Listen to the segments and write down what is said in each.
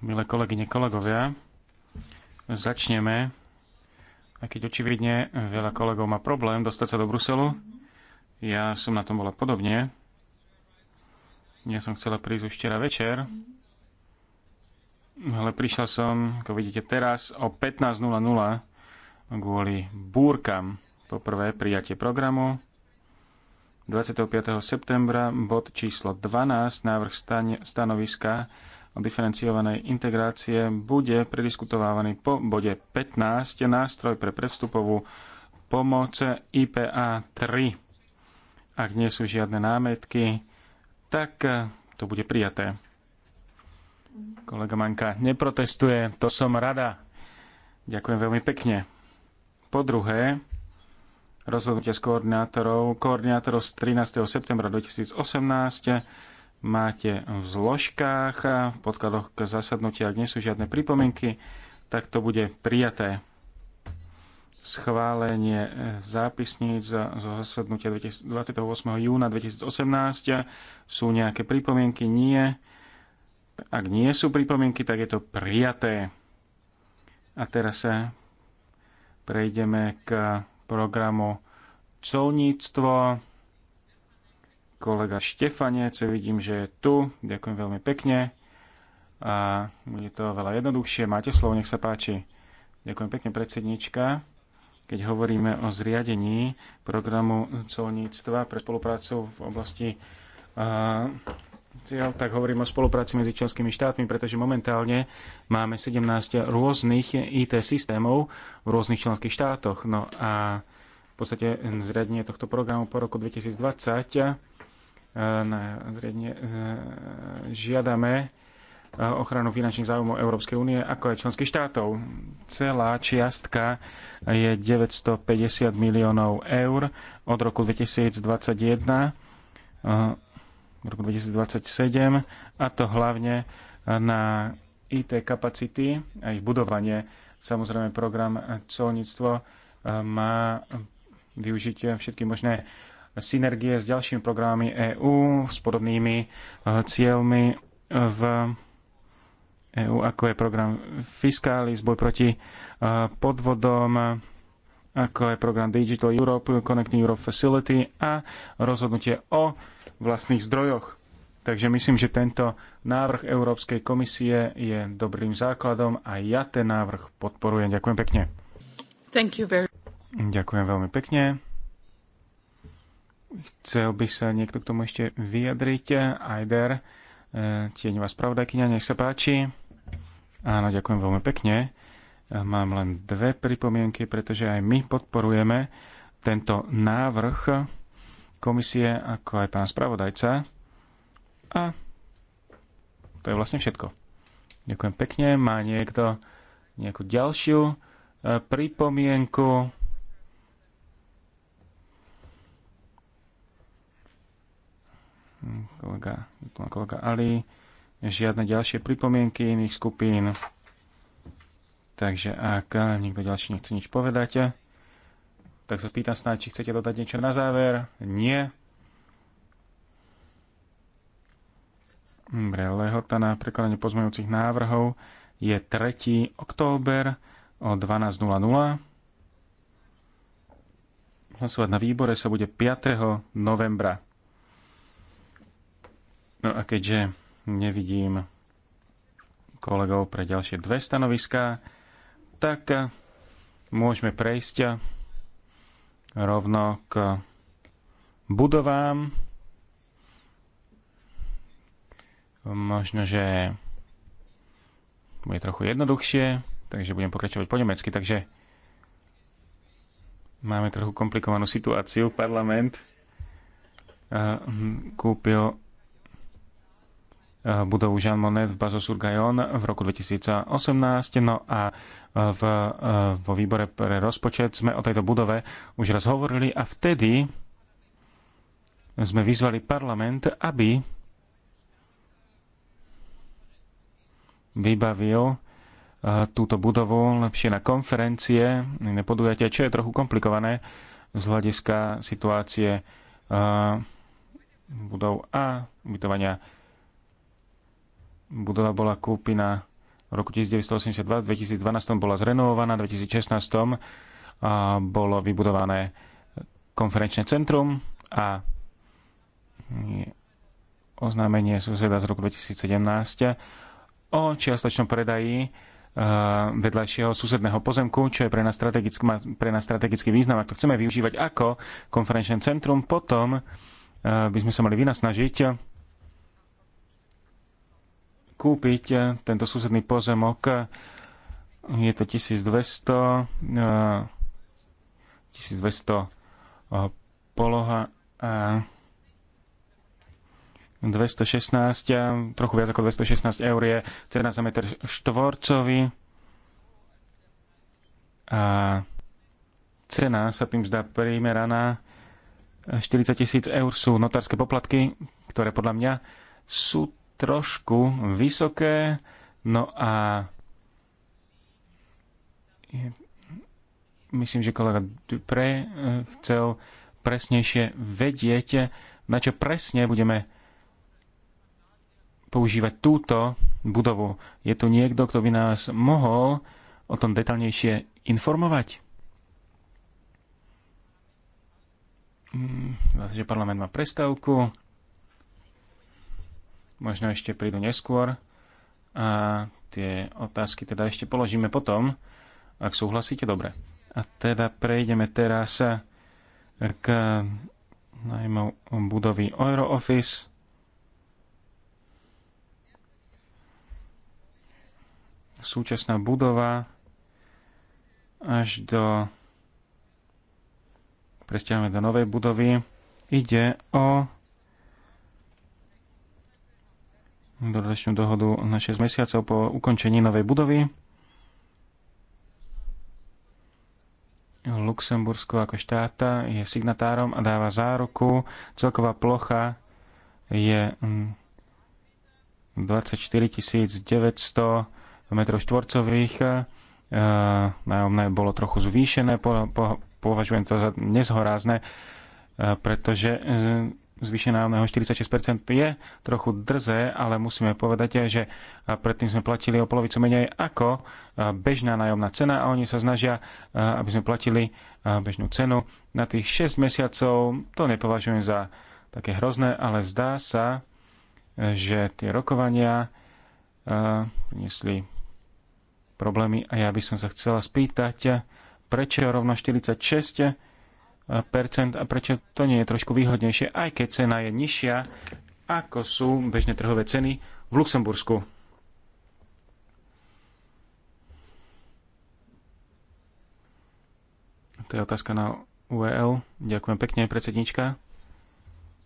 Milé kolegyne, kolegovia, začneme. Aj keď očividne veľa kolegov má problém dostať sa do Bruselu, ja som na tom bola podobne. Ja som chcela prísť už včera večer, ale prišla som, ako vidíte teraz, o 15.00 kvôli búrkam. Poprvé prijatie programu, 25. septembra bod číslo 12, návrh stanoviska diferenciovanej integrácie bude prediskutovávaný po bode 15 nástroj pre prevstupovú pomoc IPA 3. Ak nie sú žiadne námetky, tak to bude prijaté. Kolega Manka neprotestuje, to som rada. Ďakujem veľmi pekne. Po druhé, rozhodnutie z koordinátorov, koordinátorov z 13. septembra 2018 máte v zložkách, v podkladoch k zasadnutia, ak nie sú žiadne pripomienky, tak to bude prijaté schválenie e, zápisníc zo zasadnutia 28. júna 2018. Sú nejaké pripomienky? Nie. Ak nie sú pripomienky, tak je to prijaté. A teraz sa prejdeme k programu colníctvo kolega Štefanec, vidím, že je tu. Ďakujem veľmi pekne. A bude to veľa jednoduchšie. Máte slovo, nech sa páči. Ďakujem pekne, predsednička. Keď hovoríme o zriadení programu colníctva pre spoluprácu v oblasti cieľ, tak hovorím o spolupráci medzi členskými štátmi, pretože momentálne máme 17 rôznych IT systémov v rôznych členských štátoch. No a v podstate zriadenie tohto programu po roku 2020 E, na zriedne, e, žiadame e, ochranu finančných záujmov Európskej únie, ako aj členských štátov. Celá čiastka je 950 miliónov eur od roku 2021 roku 2027 a to hlavne na IT kapacity a ich budovanie. Samozrejme program colníctvo má využiť všetky možné synergie s ďalšími programami EÚ, s podobnými eh, cieľmi v EÚ, ako je program Fiscalis, boj proti eh, podvodom, ako je program Digital Europe, Connecting Europe Facility a rozhodnutie o vlastných zdrojoch. Takže myslím, že tento návrh Európskej komisie je dobrým základom a ja ten návrh podporujem. Ďakujem pekne. Thank you very... Ďakujem veľmi pekne. Chcel by sa niekto k tomu ešte vyjadriť. Ajder, eh, tieňová spravodajkynia, nech sa páči. Áno, ďakujem veľmi pekne. Eh, mám len dve pripomienky, pretože aj my podporujeme tento návrh komisie, ako aj pán spravodajca. A to je vlastne všetko. Ďakujem pekne. Má niekto nejakú ďalšiu eh, pripomienku? Hm, kolega, kolega Ali, žiadne ďalšie pripomienky iných skupín. Takže ak nikto ďalší nechce nič povedať, tak sa pýtam snáď, či chcete dodať niečo na záver. Nie. Dobre, lehota na prekladanie pozmeňujúcich návrhov je 3. október o 12.00. Hlasovať na výbore sa bude 5. novembra. No a keďže nevidím kolegov pre ďalšie dve stanoviská, tak eh, môžeme prejsť eh, rovno k budovám. Možno, že bude trochu jednoduchšie, takže budem pokračovať po nemecky, takže máme trochu komplikovanú situáciu. Parlament eh, kúpil Eh, budovu Jean Monnet v Bazos-Urgajon v roku 2018. No a eh, v, eh, vo výbore pre rozpočet sme o tejto budove už raz hovorili a vtedy sme vyzvali parlament, aby vybavil túto budovu lepšie na konferencie, iné podujatia, čo je trochu komplikované z hľadiska situácie budov a ubytovania budova bola kúpina v roku 1982, v 2012 bola zrenovovaná, v 2016 bolo vybudované konferenčné centrum a oznámenie suseda z roku 2017 o čiastočnom predaji e, vedľajšieho susedného pozemku, čo je pre nás, strategický, pre nás strategický význam. Ak to chceme využívať ako konferenčné centrum, potom e, by sme sa mali vynasnažiť kúpiť e, tento susedný pozemok. Je to 1200, 1200 e, e, poloha a 216, trochu viac ako 216 eur je cena za meter štvorcový a cena sa tým zdá primeraná. 40 tisíc eur sú notárske poplatky, ktoré podľa mňa sú trošku vysoké, no a myslím, že kolega Dupre eh, chcel presnejšie vedieť, na čo presne budeme používať túto budovu. Je tu niekto, kto by nás mohol o tom detaľnejšie informovať? Zase, mm, že parlament má prestávku možno ešte prídu neskôr a tie otázky teda ešte položíme potom, ak súhlasíte, dobre. A teda prejdeme teraz k najmä budovy Eurooffice. Súčasná budova až do presťahujeme do novej budovy. Ide o dodatočnú dohodu na 6 mesiacov po ukončení novej budovy. Luxembursko ako štáta je signatárom a dáva záruku. Celková plocha je 24 900 m2. Nájomné bolo trochu zvýšené, považujem to za nezhorázne, e, pretože e, zvýšená o 46% je trochu drzé, ale musíme povedať, že predtým sme platili o polovicu menej ako bežná nájomná cena a oni sa snažia, aby sme platili bežnú cenu. Na tých 6 mesiacov to nepovažujem za také hrozné, ale zdá sa, že tie rokovania priniesli problémy a ja by som sa chcela spýtať, prečo rovno 46 a prečo to nie je trošku výhodnejšie, aj keď cena je nižšia, ako sú bežné trhové ceny v Luxembursku. To je otázka na UEL. Ďakujem pekne, predsednička.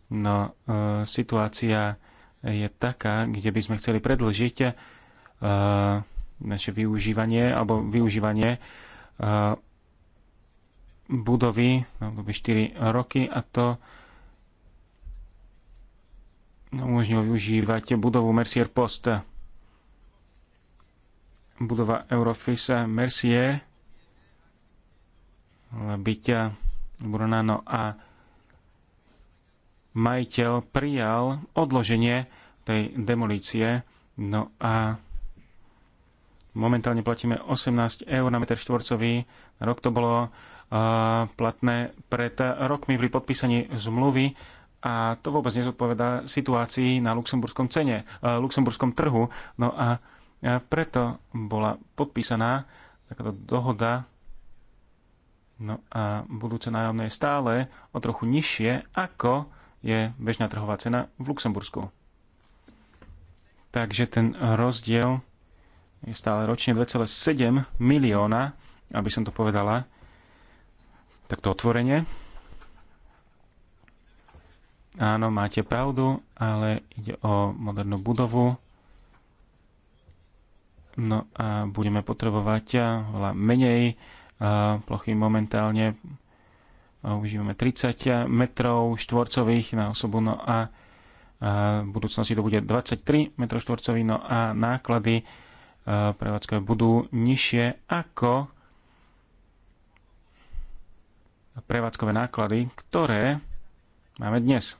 No, e, situácia je taká, kde by sme chceli predlžiť e, naše využívanie alebo využívanie e, budovy na by 4 roky a to umožnil využívať budovu Mercier Post. Budova Eurofisa Mercier byť Brunano a majiteľ prijal odloženie tej demolície. No a momentálne platíme 18 eur na meter štvorcový. Rok to bolo platné pred rokmi pri podpísaní zmluvy a to vôbec nezodpovedá situácii na luxemburskom cene, luxemburskom trhu. No a preto bola podpísaná takáto dohoda No a budúce nájomné je stále o trochu nižšie, ako je bežná trhová cena v Luxembursku. Takže ten rozdiel je stále ročne 2,7 milióna, aby som to povedala takto otvorene. Áno, máte pravdu, ale ide o modernú budovu. No a budeme potrebovať veľa menej plochy momentálne. Užívame 30 metrov štvorcových na osobu, no a v budúcnosti to bude 23 metrov štvorcových, no a náklady prevádzkové budú nižšie ako prevádzkové náklady, ktoré máme dnes.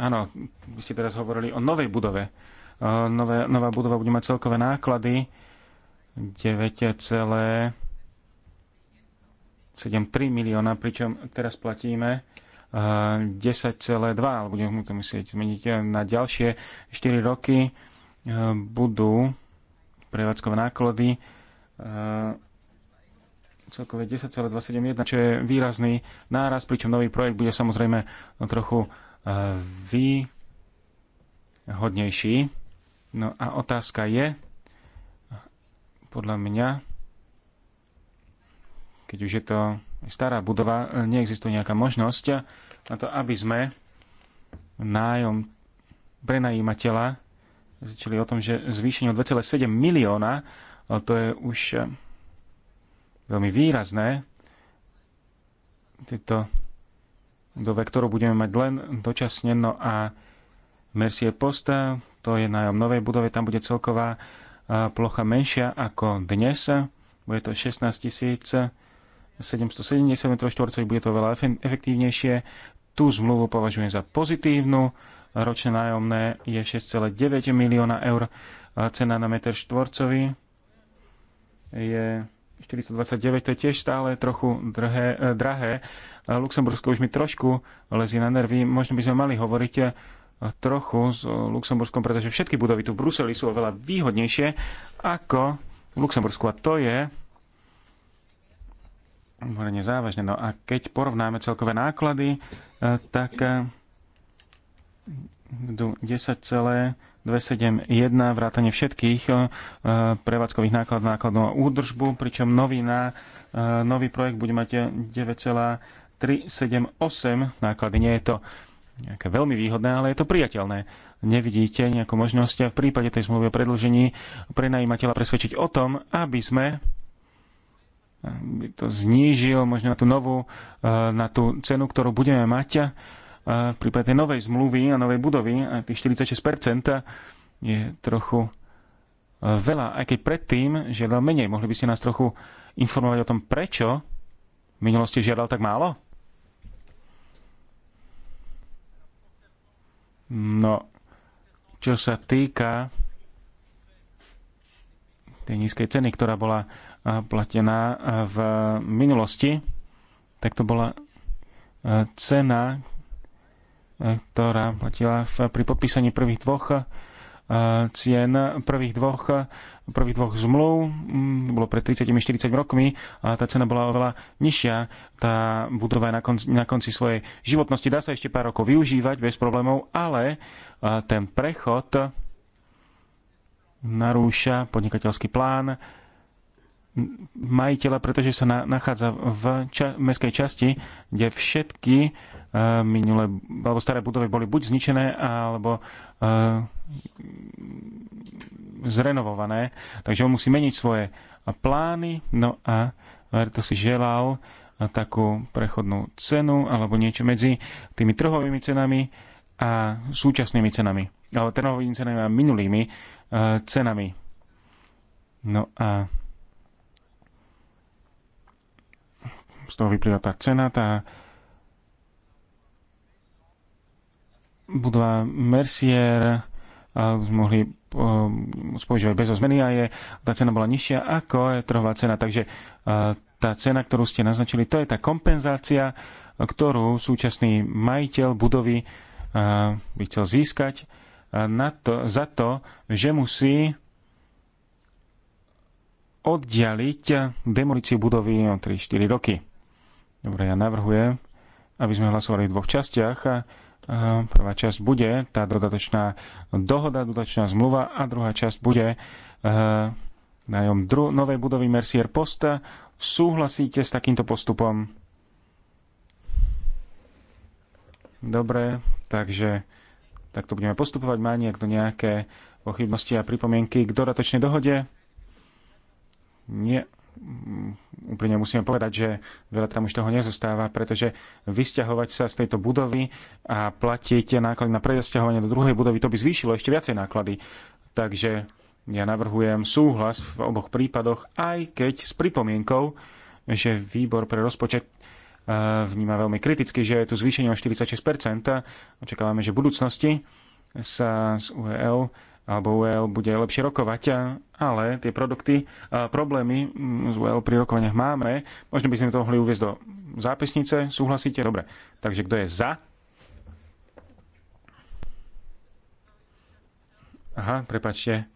Áno, vy ste teraz hovorili o novej budove. E, nové, nová budova bude mať celkové náklady 9,73 milióna, pričom teraz platíme 10,2, e, ale budeme to musieť zmeniť na ďalšie 4 roky. E, budú prevádzkové náklady celkové 10,271, čo je výrazný náraz, pričom nový projekt bude samozrejme no, trochu e, výhodnejší. No a otázka je, podľa mňa, keď už je to stará budova, e, neexistuje nejaká možnosť na to, aby sme nájom prenajímateľa začali o tom, že zvýšenie o 2,7 milióna, e, to je už veľmi výrazné. Tieto budove, ktorú budeme mať len dočasne, no a Mercier Posta, to je nájom novej budove, tam bude celková plocha menšia ako dnes. Bude to 16 770 m2, bude to veľa efektívnejšie. Tú zmluvu považujem za pozitívnu. Ročné nájomné je 6,9 milióna eur. Cena na meter štvorcový je 429, to je tiež stále trochu drhé, eh, drahé. Eh, Luxembursko už mi trošku lezí na nervy. Možno by sme mali hovoriť eh, trochu s Luxemburskom, pretože všetky budovy tu v Bruseli sú oveľa výhodnejšie ako v Luxembursku. A to je pomerne závažne. No a keď porovnáme celkové náklady, tak 10. 271 vrátane všetkých e, prevádzkových nákladov, nákladov a údržbu, pričom nový, na, e, nový projekt bude mať 9,378 náklady. Nie je to nejaké veľmi výhodné, ale je to priateľné. Nevidíte nejakú možnosť v prípade tej zmluvy o predlžení prenajímateľa presvedčiť o tom, aby sme by to znížil možno na tú novú, e, na tú cenu, ktorú budeme mať v prípade tej novej zmluvy a novej budovy, a tých 46% je trochu e, veľa, aj keď predtým žiadal menej. Mohli by ste nás trochu informovať o tom, prečo v minulosti žiadal tak málo? No, čo sa týka tej nízkej ceny, ktorá bola e, platená e, v minulosti, tak to bola cena, E, ktorá platila v, pri podpísaní prvých dvoch e, cien prvých dvoch, prvých dvoch zmluv, mm, bolo pred 30-40 rokmi, a tá cena bola oveľa nižšia. Tá budova je na konci, na konci svojej životnosti, dá sa ešte pár rokov využívať bez problémov, ale e, ten prechod narúša podnikateľský plán, majiteľa, pretože sa na, nachádza v ča, mestskej časti, kde všetky uh, minule alebo staré budovy boli buď zničené alebo uh, zrenovované, takže on musí meniť svoje plány. No a to si želal takú prechodnú cenu alebo niečo medzi tými trhovými cenami a súčasnými cenami, alebo trhovými cenami a minulými uh, cenami. No a z toho vyplýva tá cena, tá budova Mercier mohli e, používať bez zmeny a je, tá cena bola nižšia ako je trhová cena. Takže e, tá cena, ktorú ste naznačili, to je tá kompenzácia, ktorú súčasný majiteľ budovy e, by chcel získať na to, za to, že musí oddialiť demolíciu budovy o 3-4 roky. Dobre, ja navrhujem, aby sme hlasovali v dvoch častiach. prvá časť bude tá dodatočná dohoda, dodatočná zmluva a druhá časť bude e, nájom dru- novej budovy Mercier Posta. Súhlasíte s takýmto postupom? Dobre, takže takto budeme postupovať. Má niekto nejaké pochybnosti a pripomienky k dodatočnej dohode? Nie. Mm, úplne musíme povedať, že veľa tam už toho nezostáva, pretože vysťahovať sa z tejto budovy a platiť náklady na presťahovanie do druhej budovy, to by zvýšilo ešte viacej náklady. Takže ja navrhujem súhlas v oboch prípadoch, aj keď s pripomienkou, že výbor pre rozpočet eh, vníma veľmi kriticky, že je tu zvýšenie o 46%. Očakávame, že v budúcnosti sa z UEL alebo UL bude lepšie rokovať, ale tie produkty, problémy mm, z UL pri rokovaniach máme. Možno by sme to mohli uviezť do zápisnice. Súhlasíte? Dobre. Takže kto je za? Aha, prepačte.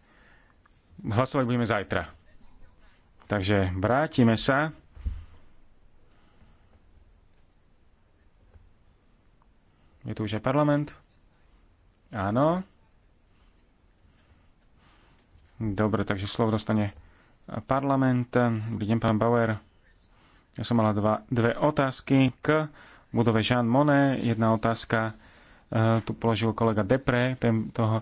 Hlasovať budeme zajtra. Takže vrátime sa. Je tu už aj parlament? Áno. Dobre, takže slovo dostane parlament. Dobrý deň, pán Bauer. Ja som mala dva, dve otázky k budove Jean Monnet. Jedna otázka e, tu položil kolega Depre, ten toho,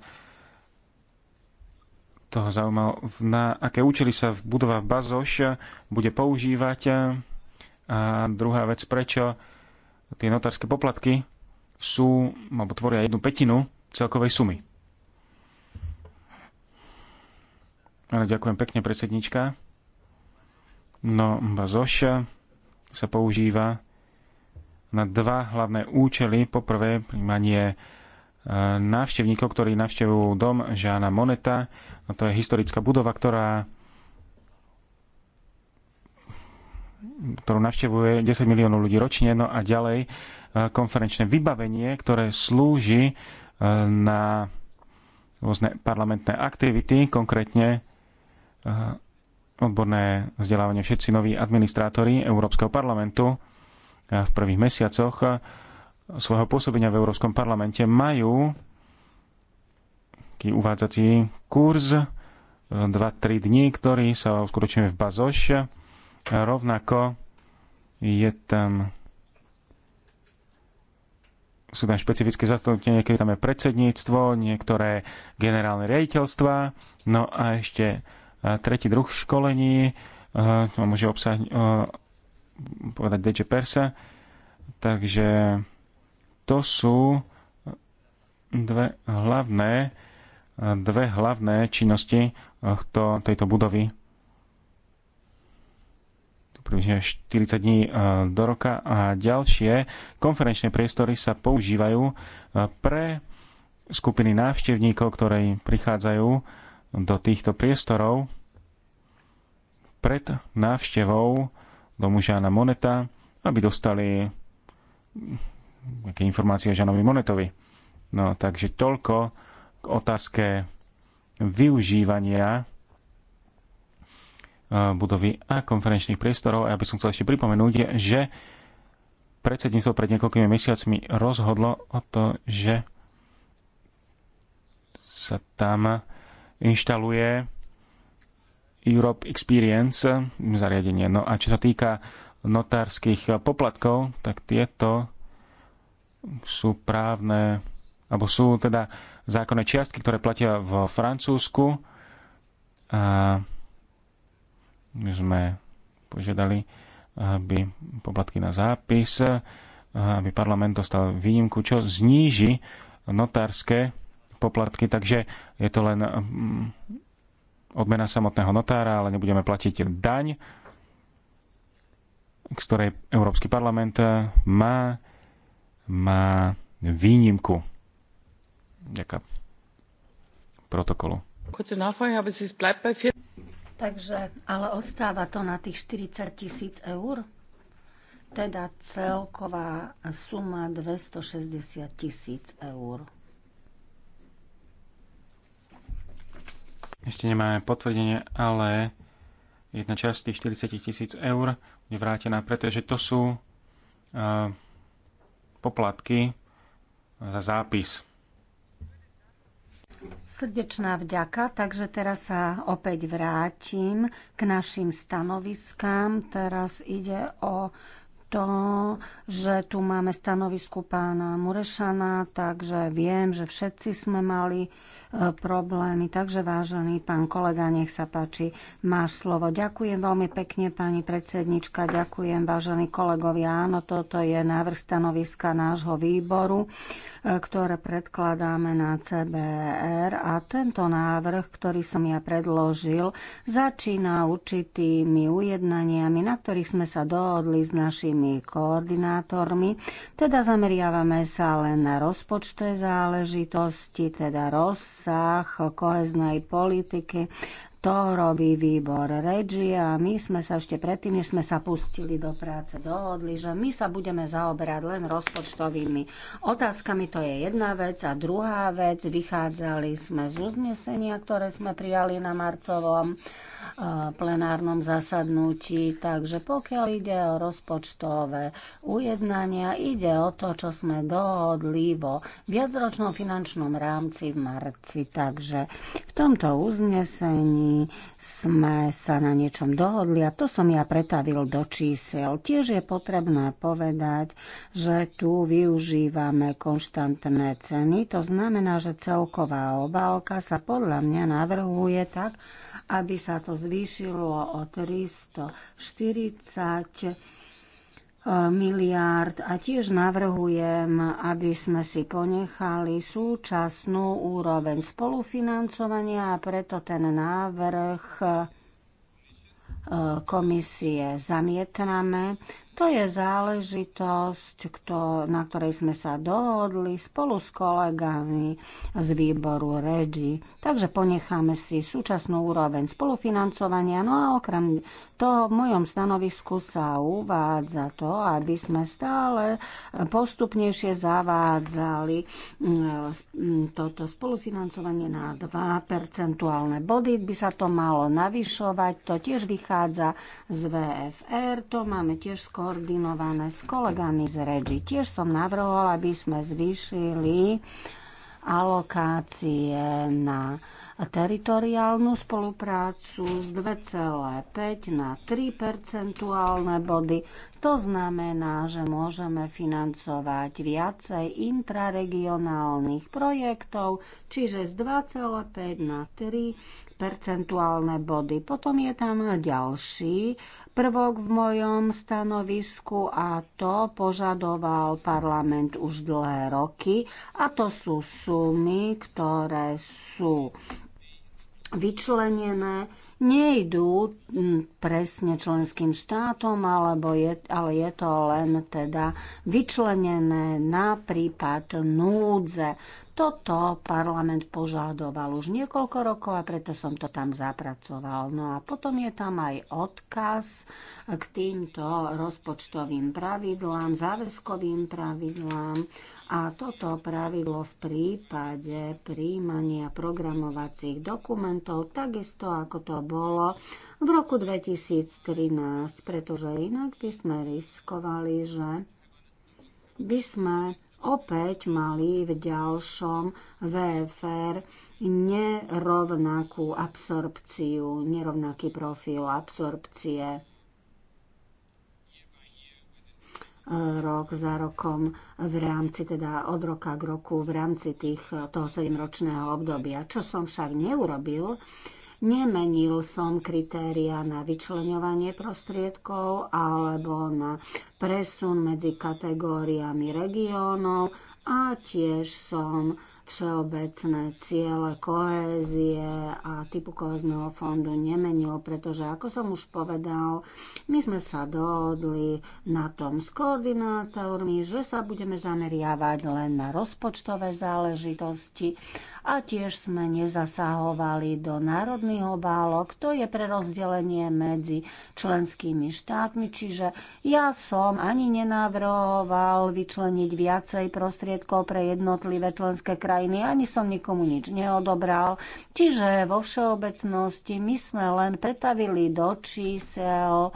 toho zaujímal, na aké účely sa v budova v Bazoš bude používať. E, a druhá vec, prečo tie notárske poplatky sú, alebo tvoria jednu petinu celkovej sumy. Áno, ďakujem pekne, predsednička. No, bazoš sa používa na dva hlavné účely. Poprvé, príjmanie e, návštevníkov, ktorí navštevujú dom Žána Moneta. A to je historická budova, ktorá ktorú navštevuje 10 miliónov ľudí ročne, no a ďalej e, konferenčné vybavenie, ktoré slúži e, na rôzne parlamentné aktivity, konkrétne odborné vzdelávanie všetci noví administrátori Európskeho parlamentu eh, v prvých mesiacoch eh, svojho pôsobenia v Európskom parlamente majú taký uvádzací kurz 2-3 eh, dní, ktorý sa uskutočňuje v Bazoš. Rovnako je tam sú tam špecifické zastupnutie, niekedy tam je predsedníctvo, niektoré generálne riaditeľstva, no a ešte tretí druh školení, môže obsah, povedať DJ Persa, takže to sú dve hlavné, dve hlavné činnosti to, tejto budovy. Tu približne 40 dní do roka a ďalšie konferenčné priestory sa používajú pre skupiny návštevníkov, ktorí prichádzajú do týchto priestorov pred návštevou domu Žána Moneta, aby dostali nejaké informácie o Žánovi Monetovi. No takže toľko k otázke využívania e, budovy a konferenčných priestorov. A ja by som chcel ešte pripomenúť, že predsedníctvo pred niekoľkými mesiacmi rozhodlo o to, že sa tam inštaluje Europe Experience zariadenie. No a čo sa týka notárskych poplatkov, tak tieto sú právne, alebo sú teda zákonné čiastky, ktoré platia v Francúzsku. A my sme požiadali, aby poplatky na zápis, aby parlament dostal výnimku, čo zníži notárske poplatky, takže je to len mm, odmena samotného notára, ale nebudeme platiť daň, z ktorej Európsky parlament má, má výnimku. Ďaká protokolu. Takže, ale ostáva to na tých 40 tisíc eur? Teda celková suma 260 tisíc eur. Ešte nemáme potvrdenie, ale jedna časť tých 40 tisíc eur bude vrátená, pretože to sú eh, poplatky za zápis. Srdečná vďaka, takže teraz sa opäť vrátim k našim stanoviskám. Teraz ide o to, že tu máme stanovisku pána Murešana, takže viem, že všetci sme mali e, problémy. Takže vážený pán kolega, nech sa páči, máš slovo. Ďakujem veľmi pekne, pani predsednička, ďakujem, vážení kolegovia. Áno, toto je návrh stanoviska nášho výboru, e, ktoré predkladáme na CBR a tento návrh, ktorý som ja predložil, začína určitými ujednaniami, na ktorých sme sa dohodli s našim tými koordinátormi. Teda zameriavame sa len na rozpočte záležitosti, teda rozsah koheznej politiky, to robí výbor Regi a my sme sa ešte predtým, než sme sa pustili do práce, dohodli, že my sa budeme zaoberať len rozpočtovými otázkami. To je jedna vec. A druhá vec, vychádzali sme z uznesenia, ktoré sme prijali na marcovom eh, plenárnom zasadnutí. Takže pokiaľ ide o rozpočtové ujednania, ide o to, čo sme dohodli vo viacročnom finančnom rámci v marci. Takže v tomto uznesení sme sa na niečom dohodli a to som ja pretavil do čísel. Tiež je potrebné povedať, že tu využívame konštantné ceny. To znamená, že celková obálka sa podľa mňa navrhuje tak, aby sa to zvýšilo o 340 miliárd a tiež navrhujem, aby sme si ponechali súčasnú úroveň spolufinancovania a preto ten návrh eh, komisie zamietname. To je záležitosť, kto, na ktorej sme sa dohodli spolu s kolegami z výboru REGI. Takže ponecháme si súčasnú úroveň spolufinancovania. No a okrem toho v mojom stanovisku sa uvádza to, aby sme stále postupnejšie zavádzali mm, toto spolufinancovanie na 2 percentuálne body. By sa to malo navyšovať. To tiež vychádza z VFR. To máme tiež skoro koordinované s kolegami z REGI. Tiež som navrhol, aby sme zvýšili alokácie na teritoriálnu spoluprácu z 2,5 na 3 percentuálne body. To znamená, že môžeme financovať viacej intraregionálnych projektov, čiže z 2,5 na 3 percentuálne body. Potom je tam ďalší prvok v mojom stanovisku a to požadoval parlament už dlhé roky a to sú sumy, ktoré sú vyčlenené, nejdú presne členským štátom, alebo je, ale je to len teda vyčlenené na prípad núdze. Toto parlament požadoval už niekoľko rokov a preto som to tam zapracoval. No a potom je tam aj odkaz k týmto rozpočtovým pravidlám, záväzkovým pravidlám a toto pravidlo v prípade príjmania programovacích dokumentov takisto ako to bolo v roku 2013, pretože inak by sme riskovali, že by sme opäť mali v ďalšom VFR nerovnakú absorpciu, nerovnaký profil absorpcie rok za rokom v rámci, teda od roka k roku v rámci tých, toho 7-ročného obdobia. Čo som však neurobil, Nemenil som kritéria na vyčlenovanie prostriedkov alebo na presun medzi kategóriami regiónov a tiež som všeobecné ciele kohézie a typu kohézneho fondu nemenil, pretože ako som už povedal, my sme sa dohodli na tom s koordinátormi, že sa budeme zameriavať len na rozpočtové záležitosti a tiež sme nezasahovali do národných obálok. To je prerozdelenie medzi členskými štátmi, čiže ja som ani nenavrhoval vyčleniť viacej prostriedkov pre jednotlivé členské krajiny, krajiny, ani som nikomu nič neodobral. Čiže vo všeobecnosti my sme len pretavili do čísel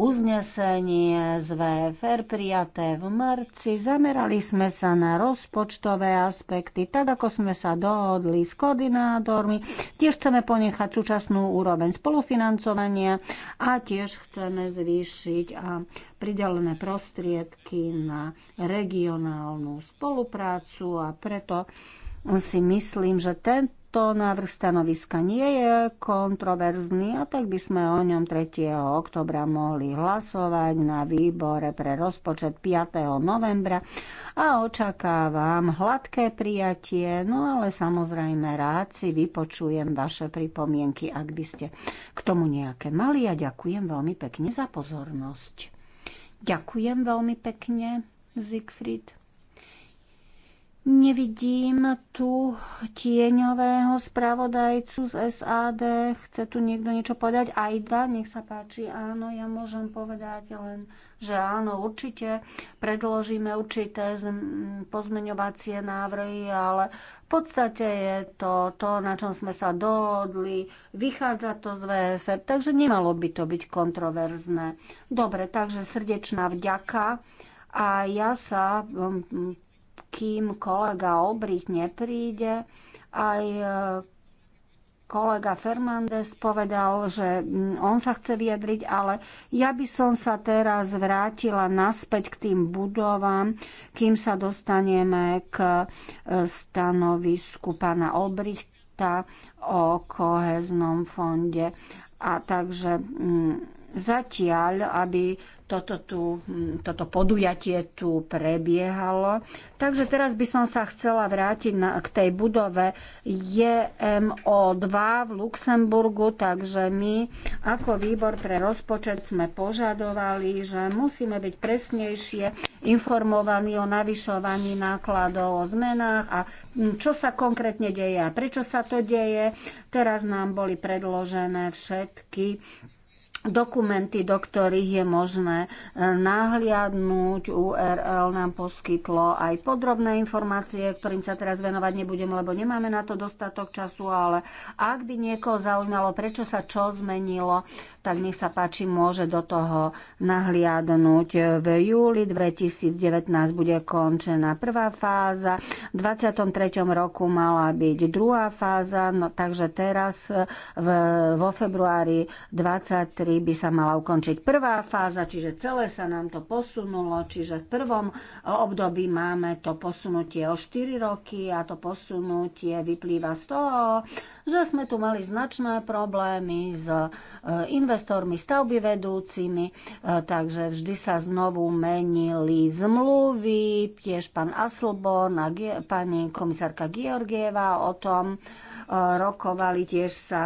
uznesenie z VFR prijaté v marci. Zamerali sme sa na rozpočtové aspekty, tak ako sme sa dohodli s koordinátormi. Tiež chceme ponechať súčasnú úroveň spolufinancovania a tiež chceme zvýšiť a pridelené prostriedky na regionálnu spoluprácu a preto si myslím, že tento návrh stanoviska nie je kontroverzný a tak by sme o ňom 3. oktobra mohli hlasovať na výbore pre rozpočet 5. novembra a očakávam hladké prijatie, no ale samozrejme rád si vypočujem vaše pripomienky, ak by ste k tomu nejaké mali a ďakujem veľmi pekne za pozornosť. Ďakujem veľmi pekne, Siegfried. Nevidím tu tieňového spravodajcu z SAD. Chce tu niekto niečo povedať? Ajda, nech sa páči. Áno, ja môžem povedať len, že áno, určite predložíme určité pozmeňovacie návrhy, ale v podstate je to to, na čom sme sa dohodli, vychádza to z VFR, takže nemalo by to byť kontroverzné. Dobre, takže srdečná vďaka a ja sa, mm, mm, kým kolega Olbrich nepríde, aj e, kolega Fernández povedal, že mm, on sa chce vyjadriť, ale ja by som sa teraz vrátila naspäť k tým budovám, kým sa dostaneme k e, stanovisku pána Olbrichta o koheznom fonde. A takže mm, zatiaľ, aby toto, tu, toto podujatie tu prebiehalo. Takže teraz by som sa chcela vrátiť na, k tej budove JMO2 v Luxemburgu, takže my ako výbor pre rozpočet sme požadovali, že musíme byť presnejšie informovaní o navyšovaní nákladov, o zmenách a čo sa konkrétne deje a prečo sa to deje. Teraz nám boli predložené všetky Dokumenty, do ktorých je možné e, nahliadnúť, URL nám poskytlo aj podrobné informácie, ktorým sa teraz venovať nebudem, lebo nemáme na to dostatok času, ale ak by niekoho zaujímalo, prečo sa čo zmenilo, tak nech sa páči, môže do toho nahliadnúť. V júli 2019 bude končená prvá fáza, v 23. roku mala byť druhá fáza, no, takže teraz e, v, vo februári 23 by sa mala ukončiť prvá fáza, čiže celé sa nám to posunulo, čiže v prvom období máme to posunutie o 4 roky a to posunutie vyplýva z toho, že sme tu mali značné problémy s e, investormi, stavby vedúcimi, e, takže vždy sa znovu menili zmluvy, tiež pán Aslbon, a pani komisárka Georgieva o tom e, rokovali, tiež sa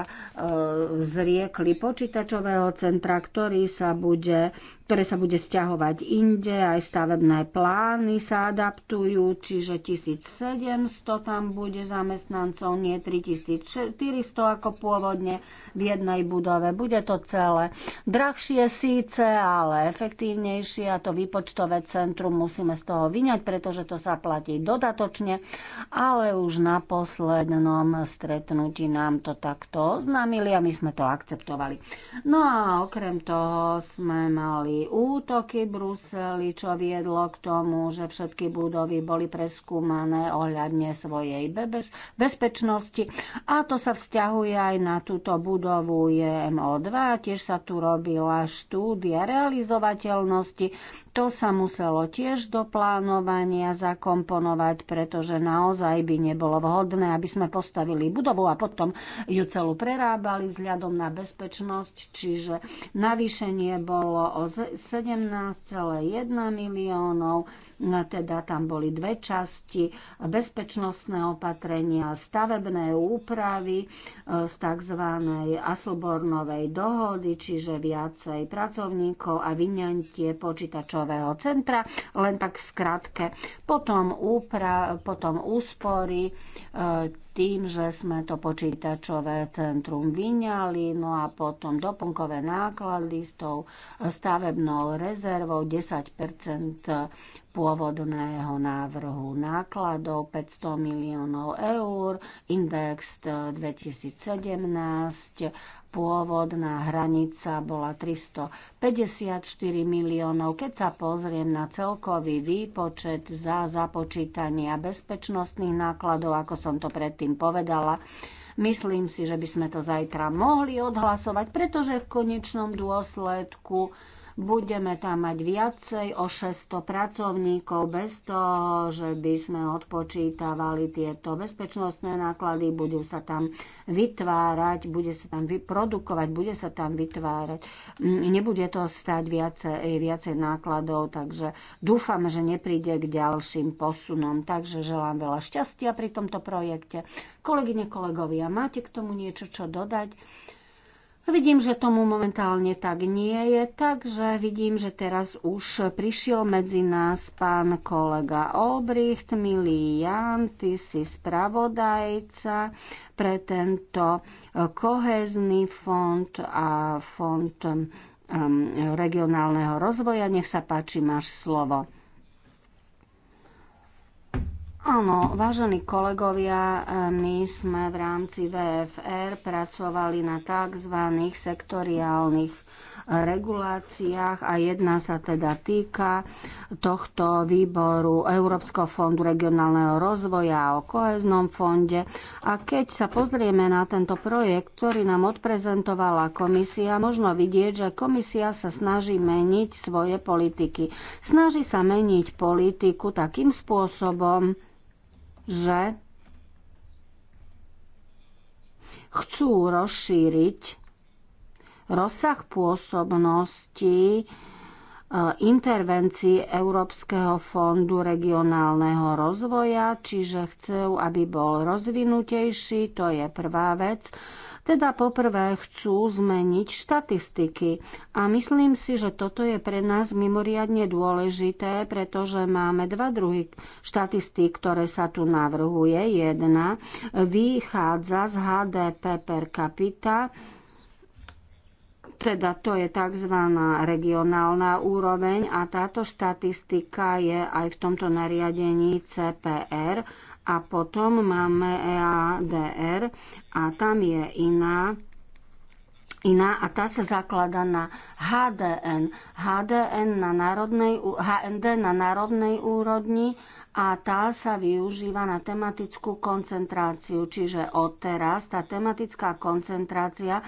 zriekli počítačového centra, ktorý sa bude ktoré sa bude stiahovať inde, aj stavebné plány sa adaptujú, čiže 1700 tam bude zamestnancov, nie 3400 ako pôvodne v jednej budove. Bude to celé drahšie síce, ale efektívnejšie a to výpočtové centrum musíme z toho vyňať, pretože to sa platí dodatočne, ale už na poslednom stretnutí nám to takto oznámili a my sme to akceptovali. No a okrem toho sme mali útoky v Bruseli, čo viedlo k tomu, že všetky budovy boli preskúmané ohľadne svojej bezpečnosti. A to sa vzťahuje aj na túto budovu JMO2. Tiež sa tu robila štúdia realizovateľnosti to sa muselo tiež do plánovania zakomponovať, pretože naozaj by nebolo vhodné, aby sme postavili budovu a potom ju celú prerábali vzhľadom na bezpečnosť, čiže navýšenie bolo o 17,1 miliónov teda tam boli dve časti, bezpečnostné opatrenia, stavebné úpravy e, z tzv. Aslbornovej dohody, čiže viacej pracovníkov a vyňantie počítačového centra, len tak v skratke. Potom, úpra, potom úspory, e, tým, že sme to počítačové centrum vyňali, no a potom doplnkové náklady s tou stavebnou rezervou 10 pôvodného návrhu nákladov 500 miliónov eur, index 2017, e, pôvodná hranica bola 354 miliónov. Keď sa pozriem na celkový výpočet za započítania bezpečnostných nákladov, ako som to predtým povedala, Myslím si, že by sme to zajtra mohli odhlasovať, pretože v konečnom dôsledku Budeme tam mať viacej o 600 pracovníkov bez toho, že by sme odpočítavali tieto bezpečnostné náklady. Budú sa tam vytvárať, bude sa tam vyprodukovať, bude sa tam vytvárať. Mm, nebude to stať viacej, viacej nákladov, takže dúfam, že nepríde k ďalším posunom. Takže želám veľa šťastia pri tomto projekte. Kolegyne, kolegovia, máte k tomu niečo, čo dodať? Vidím, že tomu momentálne tak nie je, takže vidím, že teraz už prišiel medzi nás pán kolega Olbricht, milý Jan, ty si spravodajca pre tento eh, kohezný fond a fond ehm, regionálneho rozvoja. Nech sa páči, máš slovo. Áno, vážení kolegovia, e, my sme v rámci VFR pracovali na tzv. sektoriálnych reguláciách a jedna sa teda týka tohto výboru Európskeho fondu regionálneho rozvoja o koheznom fonde. A keď sa pozrieme na tento projekt, ktorý nám odprezentovala komisia, možno vidieť, že komisia sa snaží meniť svoje politiky. Snaží sa meniť politiku takým spôsobom, že chcú rozšíriť rozsah pôsobnosti e, intervencií Európskeho fondu regionálneho rozvoja, čiže chcú, aby bol rozvinutejší, to je prvá vec. Teda poprvé chcú zmeniť štatistiky a myslím si, že toto je pre nás mimoriadne dôležité, pretože máme dva druhy štatistík, ktoré sa tu navrhuje. Jedna vychádza z HDP per capita, teda to je tzv. regionálna úroveň a táto štatistika je aj v tomto nariadení CPR a potom máme EADR a tam je iná iná a tá sa zaklada na HDN. HDN na národnej, HND na národnej úrovni a tá sa využíva na tematickú koncentráciu. Čiže odteraz tá tematická koncentrácia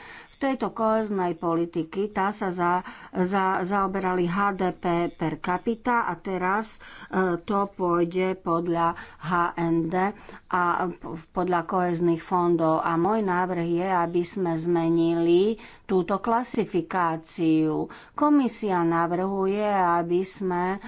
tejto koheznej politiky, tá sa za, za, zaoberali HDP per capita a teraz e, to pôjde podľa HND a podľa koheznych fondov. A môj návrh je, aby sme zmenili túto klasifikáciu. Komisia navrhuje, aby sme e,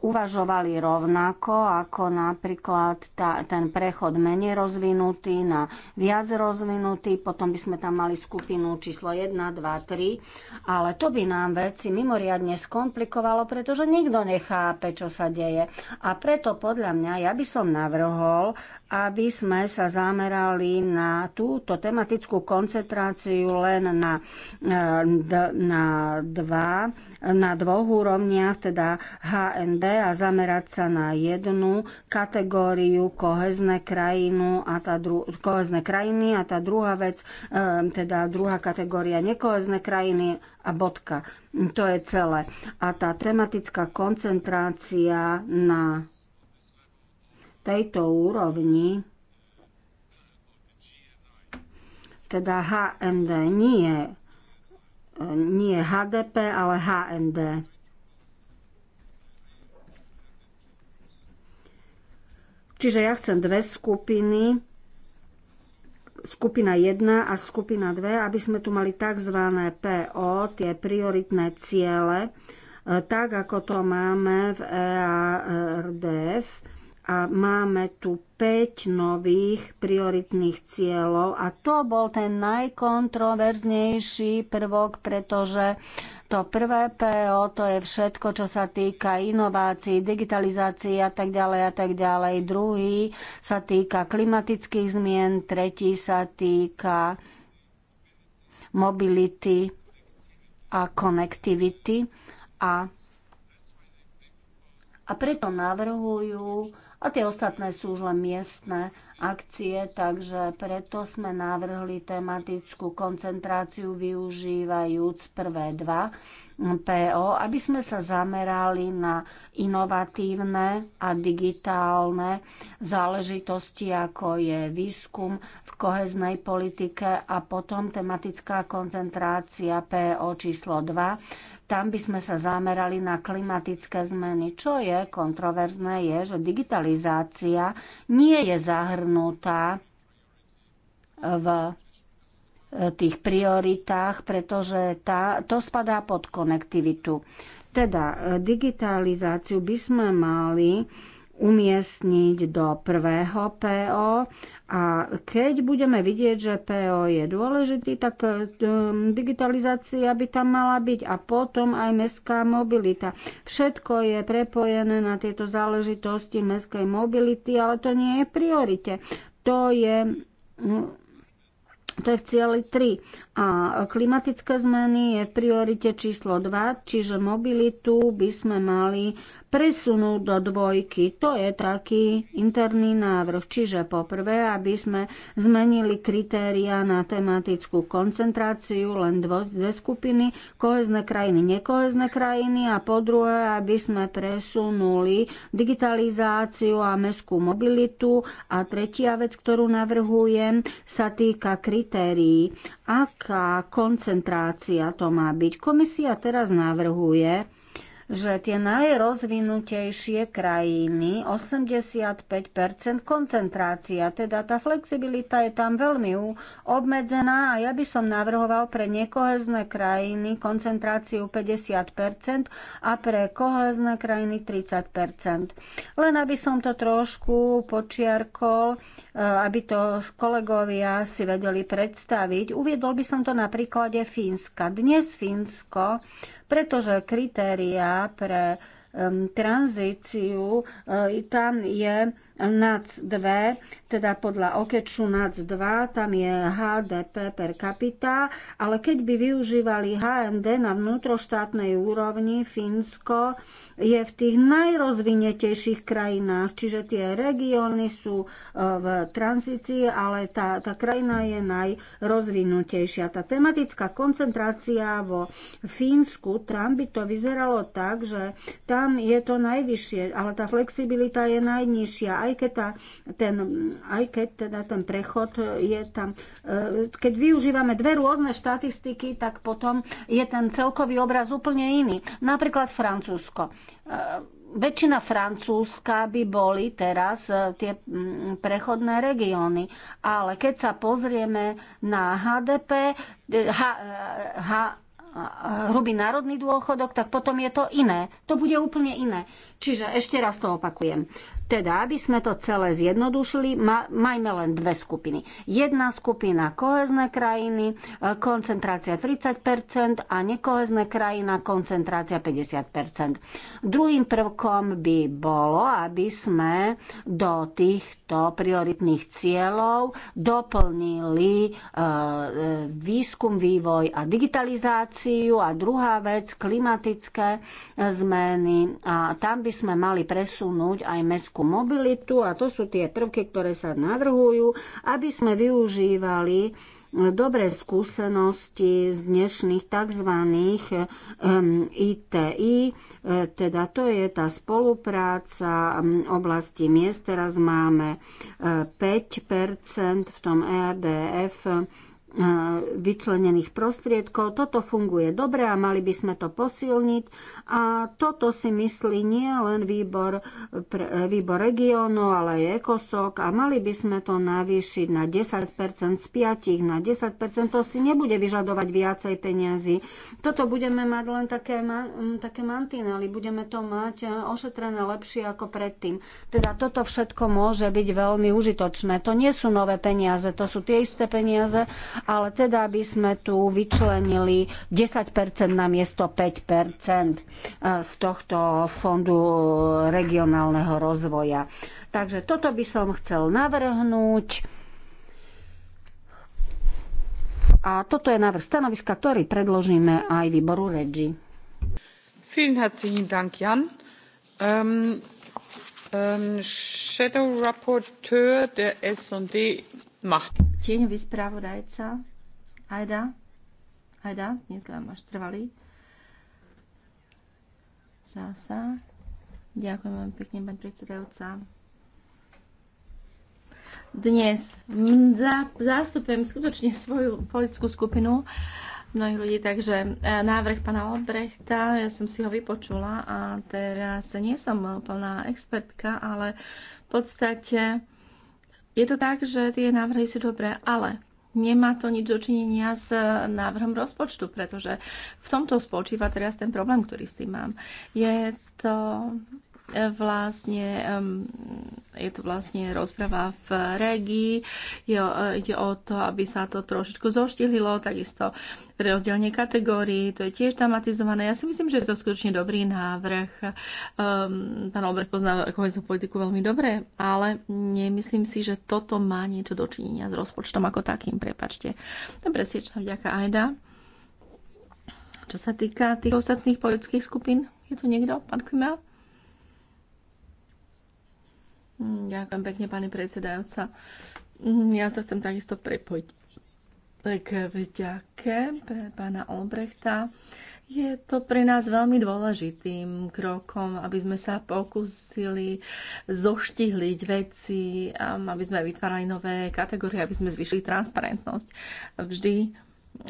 uvažovali rovnako ako napríklad tá, ten prechod menej rozvinutý na viac rozvinutý, potom by sme tam mali skupinu číslo 1, 2, 3, ale to by nám veci mimoriadne skomplikovalo, pretože nikto nechápe, čo sa deje. A preto podľa mňa ja by som navrhol, aby sme sa zamerali na túto tematickú koncentráciu len na, e, na, dva, na dvoch úrovniach, teda HND a zamerať sa na jednu kategóriu kohezné, krajinu a tá dru, kohezné krajiny a tá druhá vec, e, teda druhá kategória nekohezné krajiny a bodka. To je celé. A tá tematická koncentrácia na tejto úrovni, teda HND, nie, nie HDP, ale HND. Čiže ja chcem dve skupiny, skupina 1 a skupina 2, aby sme tu mali tzv. PO, tie prioritné ciele, e, tak ako to máme v EARDF a máme tu 5 nových prioritných cieľov a to bol ten najkontroverznejší prvok, pretože to prvé PO to je všetko, čo sa týka inovácií, digitalizácií a tak ďalej a tak ďalej. Druhý sa týka klimatických zmien, tretí sa týka mobility a connectivity a, a preto navrhujú a tie ostatné sú už len miestne akcie, takže preto sme navrhli tematickú koncentráciu využívajúc prvé dva PO, aby sme sa zamerali na inovatívne a digitálne záležitosti, ako je výskum v koheznej politike a potom tematická koncentrácia PO číslo 2 tam by sme sa zamerali na klimatické zmeny. Čo je kontroverzné je, že digitalizácia nie je zahrnutá v e, tých prioritách, pretože tá, to spadá pod konektivitu. Teda e, digitalizáciu by sme mali umiestniť do prvého PO a keď budeme vidieť, že PO je dôležitý, tak um, digitalizácia by tam mala byť a potom aj mestská mobilita. Všetko je prepojené na tieto záležitosti mestskej mobility, ale to nie je priorite. To je no, to je v cieli 3. A klimatické zmeny je v priorite číslo 2, čiže mobilitu by sme mali presunúť do dvojky. To je taký interný návrh. Čiže poprvé, aby sme zmenili kritéria na tematickú koncentráciu len dvo, dve skupiny, kohezné krajiny, nekohezné krajiny a po druhé, aby sme presunuli digitalizáciu a mestskú mobilitu a tretia vec, ktorú navrhujem, sa týka kritérií. Ak aká koncentrácia to má byť. Komisia teraz navrhuje, že tie najrozvinutejšie krajiny, 85% koncentrácia, teda tá flexibilita je tam veľmi obmedzená a ja by som navrhoval pre nekohezné krajiny koncentráciu 50% a pre kohezné krajiny 30%. Len aby som to trošku počiarkol, e, aby to kolegovia si vedeli predstaviť, uviedol by som to na príklade Fínska. Dnes Fínsko pretože kritéria pre tranzíciu, e, tam je NAC 2, teda podľa Okeču NAC 2, tam je HDP per capita, ale keď by využívali HND na vnútroštátnej úrovni, Fínsko je v tých najrozvinetejších krajinách, čiže tie regióny sú e, v tranzícii, ale tá, tá krajina je najrozvinutejšia. Tá tematická koncentrácia vo Fínsku, tam by to vyzeralo tak, že tam je to najvyššie, ale tá flexibilita je najnižšia aj keď, tá, ten, aj keď teda ten prechod je tam, e, keď využívame dve rôzne štatistiky, tak potom je ten celkový obraz úplne iný. Napríklad Francúzsko e, väčšina Francúzska by boli teraz e, tie mm, prechodné regióny. Ale keď sa pozrieme na HDP, H, H, hrubý národný dôchodok, tak potom je to iné. To bude úplne iné. Čiže ešte raz to opakujem. Teda, aby sme to celé zjednodušili, majme len dve skupiny. Jedna skupina kohezné krajiny, e, koncentrácia 30% a nekohezné krajina, koncentrácia 50%. Druhým prvkom by bolo, aby sme do týchto prioritných cieľov doplnili e, e, výskum, vývoj a digitalizáciu a druhá vec klimatické zmeny a tam by sme mali presunúť aj mestskú nejakú mobilitu a to sú tie prvky, ktoré sa navrhujú, aby sme využívali eh, dobré skúsenosti z dnešných tzv. Ehm, ITI, eh, teda to je tá spolupráca ehm, oblasti miest. Teraz máme 5% eh, v tom ERDF E, vyčlenených prostriedkov. Toto funguje dobre a mali by sme to posilniť. A toto si myslí nie len výbor, e, výbor regiónov, ale aj ECOSOC a mali by sme to navýšiť na 10% z 5 na 10%. To si nebude vyžadovať viacej peniazy. Toto budeme mať len také, také mantinely. Budeme to mať e, ošetrené lepšie ako predtým. Teda toto všetko môže byť veľmi užitočné. To nie sú nové peniaze, to sú tie isté peniaze, ale teda by sme tu vyčlenili 10% na miesto 5% eh, z tohto fondu regionálneho rozvoja. Takže toto by som chcel navrhnúť. A toto je návrh stanoviska, ktorý predložíme aj výboru REGI. Vielen herzlichen Dank, Jan. Um, um, Shadow Rapporteur der S&D macht. Tieňový správodajca Ajda. Ajda, dnes len máš trvalý. Zasa. Ďakujem vám pekne, pán predsedajúca. Dnes zastupujem skutočne svoju politickú skupinu mnohých ľudí, takže e, návrh pana Obrechta ja som si ho vypočula a teraz nie som plná expertka, ale v podstate je to tak, že tie návrhy sú dobré, ale nemá to nič dočinenia s eh, návrhom rozpočtu, pretože v tomto spočíva teraz ten problém, ktorý s tým mám. Je to vlastne je to vlastne rozprava v régii. Je, e, ide o to, aby sa to trošičku zoštililo, takisto rozdelenie kategórií, to je tiež tematizované. Ja si myslím, že je to skutočne dobrý návrh. Um, pán Olbrich pozná ekonomickú politiku veľmi dobre, ale nemyslím si, že toto má niečo dočinenia s rozpočtom ako takým, prepačte. Dobre, siečná vďaka Ajda. Čo sa týka tých ostatných politických skupín, je tu niekto, pán Kumel? Hm, ďakujem pekne, pani predsedajúca. Hm, ja sa chcem takisto prepojiť k vďake pre pána Olbrechta. Je to pre nás veľmi dôležitým krokom, aby sme sa pokúsili zoštihliť veci, aby sme vytvárali nové kategórie, aby sme zvýšili transparentnosť. Vždy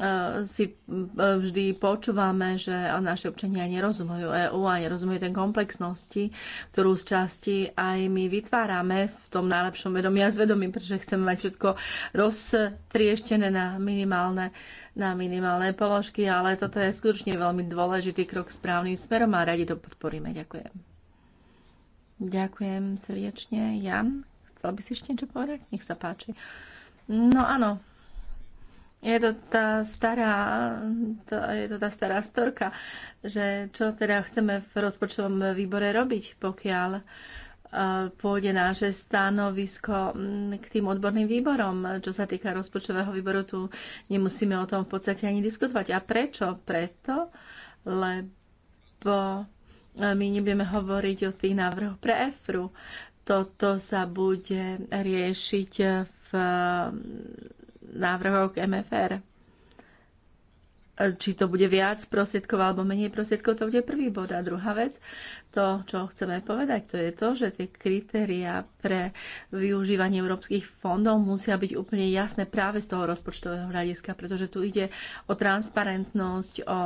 Eh, si eh, vždy počúvame, že naši občania nerozumujú EÚ a nerozumujú ten komplexnosti, ktorú z časti aj my vytvárame v tom najlepšom vedomí a zvedomí, pretože chceme mať všetko roztrieštené na minimálne, na minimálne položky, ale toto je skutočne veľmi dôležitý krok správnym smerom a radi to podporíme. Ďakujem. Ďakujem srdečne. Jan, chcel by si ešte niečo povedať? Nech sa páči. No áno, je to tá stará, to, je to tá stará storka, že čo teda chceme v rozpočtovom výbore robiť, pokiaľ e, pôjde naše stanovisko mm, k tým odborným výborom. Čo sa týka rozpočtového výboru, tu nemusíme o tom v podstate ani diskutovať. A prečo? Preto, lebo e, my nebudeme hovoriť o tých návrhoch pre EFRU. Toto sa bude riešiť v návrhov k MFR. Či to bude viac prostriedkov alebo menej prostriedkov, to bude prvý bod. A druhá vec, to, čo chceme povedať, to je to, že tie kritéria pre využívanie európskych fondov musia byť úplne jasné práve z toho rozpočtového hľadiska, pretože tu ide o transparentnosť, o,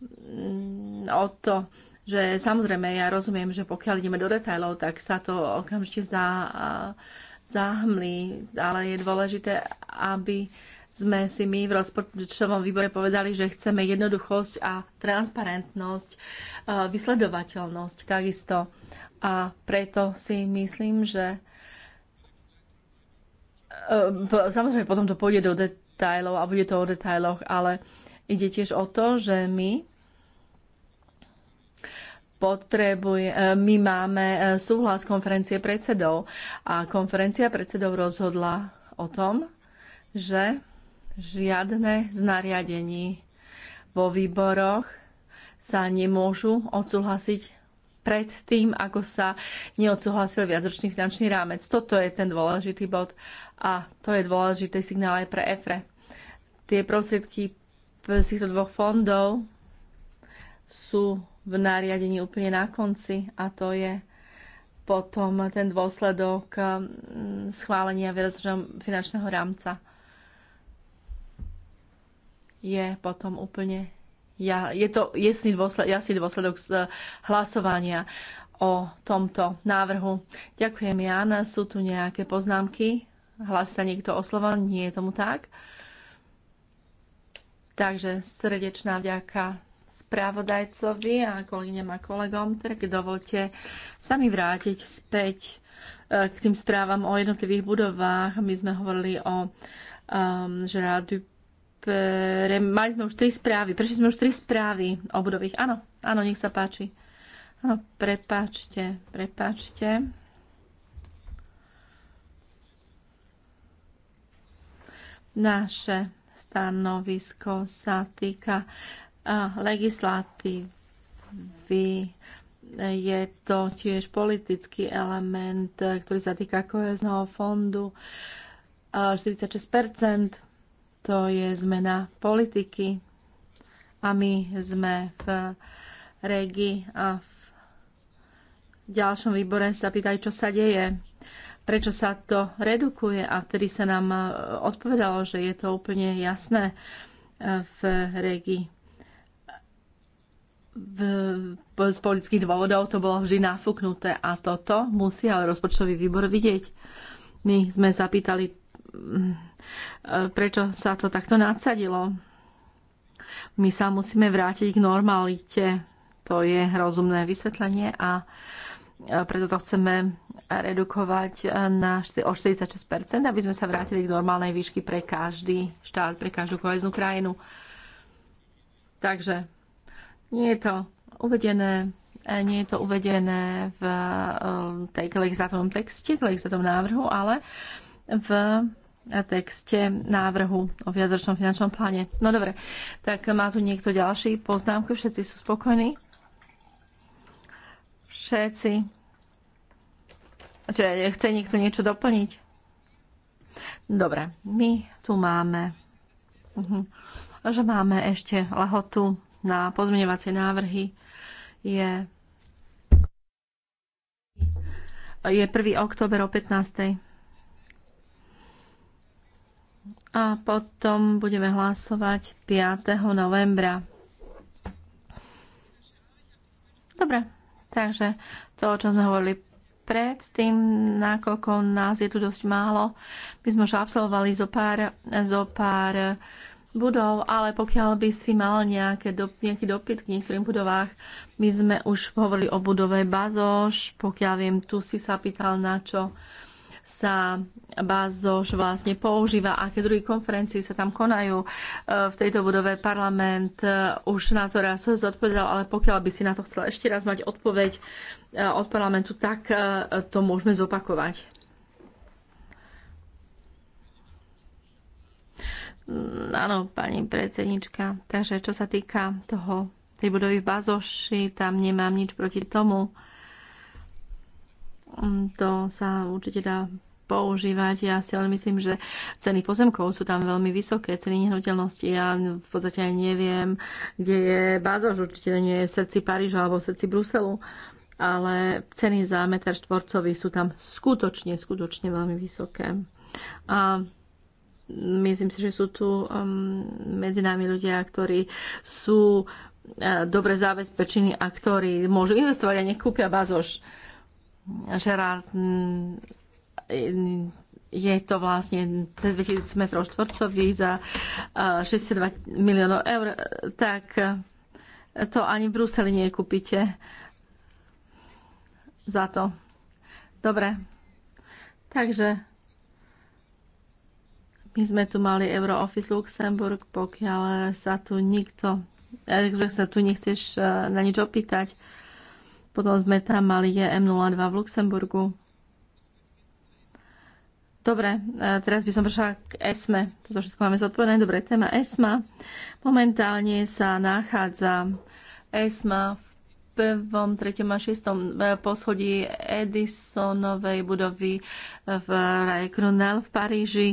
mm, o to, že samozrejme ja rozumiem, že pokiaľ ideme do detajlov, tak sa to okamžite za zahmlí, ale je dôležité, aby sme si my v rozpočtovom výbore povedali, že chceme jednoduchosť a transparentnosť, vysledovateľnosť takisto. A preto si myslím, že e, samozrejme potom to pôjde do detajlov a bude to o detajloch, ale ide tiež o to, že my potrebuje, e, my máme e, súhlas konferencie predsedov a konferencia predsedov rozhodla o tom, že žiadne z nariadení vo výboroch sa nemôžu odsúhlasiť pred tým, ako sa neodsúhlasil viacročný finančný rámec. Toto je ten dôležitý bod a to je dôležitý signál aj pre EFRE. Tie prostriedky z týchto dvoch fondov sú v nariadení úplne na konci a to je potom ten dôsledok mm, schválenia finančného rámca je potom úplne ja, je to jasný dôsledok, jasný dôsledok z hlasovania o tomto návrhu. Ďakujem, Jan. Sú tu nejaké poznámky? Hlasí sa niekto o Nie je tomu tak. Takže srdečná vďaka správodajcovi a kolegyňam a kolegom, tak dovolte sa mi vrátiť späť e, k tým správam o jednotlivých budovách. My sme hovorili o um, Žrádu pre... Mali sme už tri správy. Prešli sme už tri správy o budových. Áno, áno, nech sa páči. Áno, prepáčte, prepáčte. Naše stanovisko sa týka legislatívy. Je to tiež politický element, ktorý sa týka kohezného fondu. 46 to je zmena politiky a my sme v regi a v ďalšom výbore sa pýtali, čo sa deje, prečo sa to redukuje a vtedy sa nám e, odpovedalo, že je to úplne jasné e, v regi v, z politických dôvodov to bolo vždy nafúknuté a toto musí ale rozpočtový výbor vidieť. My sme zapýtali, mm, e, prečo sa to takto nadsadilo. My sa musíme vrátiť k normalite. To je rozumné vysvetlenie a e, preto to chceme redukovať e, na, o 46%, aby sme sa vrátili k normálnej výšky pre každý štát, pre každú koheznú krajinu. Takže nie je to uvedené e, nie je to uvedené v e, tej legislatívnom texte, legislatívnom návrhu, ale v texte návrhu o viacročnom finančnom pláne. No dobre, tak má tu niekto ďalší poznámku, všetci sú spokojní? Všetci. Čiže chce niekto niečo doplniť? Dobre, my tu máme, mhm, že máme ešte lahotu na pozmeňovacie návrhy je, je 1. október o 15. A potom budeme hlasovať 5. novembra. Dobre, takže to, o čom sme hovorili predtým, nakoľko nás je tu dosť málo, my sme už absolvovali zo pár, zo pár budov, ale pokiaľ by si mal nejaké do, nejaký dopyt k niektorým budovách, my sme už hovorili o budove Bazoš, pokiaľ viem, tu si sa pýtal na čo sa Bazoš vlastne používa, aké druhé konferencie sa tam konajú. E, v tejto budove parlament e, už na to raz zodpovedal, ale pokiaľ by si na to chcel ešte raz mať odpoveď e, od parlamentu, tak to môžeme zopakovať. Áno, pani predsednička. Takže čo sa týka toho, tej budovy v Bazoši, tam nemám nič proti tomu. Mm, to sa určite dá používať. Ja si ale myslím, že ceny pozemkov sú tam veľmi vysoké, ceny nehnuteľnosti. Ja v podstate aj neviem, kde je Bazoš, určite nie je v srdci Paríža alebo v srdci Bruselu, ale ceny za meter štvorcový sú tam skutočne, skutočne veľmi vysoké. A Myslím si, že sú tu um, medzi nami ľudia, ktorí sú uh, dobre zabezpečení a ktorí môžu investovať a nech kúpia bazoš. Žerard, mm, je to vlastne cez 2000 m štvorcových za 62 uh, miliónov eur, tak uh, to ani v Bruseli nekúpite za to. Dobre. Takže my sme tu mali Eurooffice Luxemburg, pokiaľ sa tu nikto, ak eh, sa tu nechceš eh, na nič opýtať. Potom sme tam mali em 02 v Luxemburgu. Dobre, eh, teraz by som prešla k ESME. Toto všetko máme zodpovedané. Dobre, téma ESMA. Momentálne sa nachádza ESMA v prvom, treťom a šestom poschodí Edisonovej budovy v Grunel v Paríži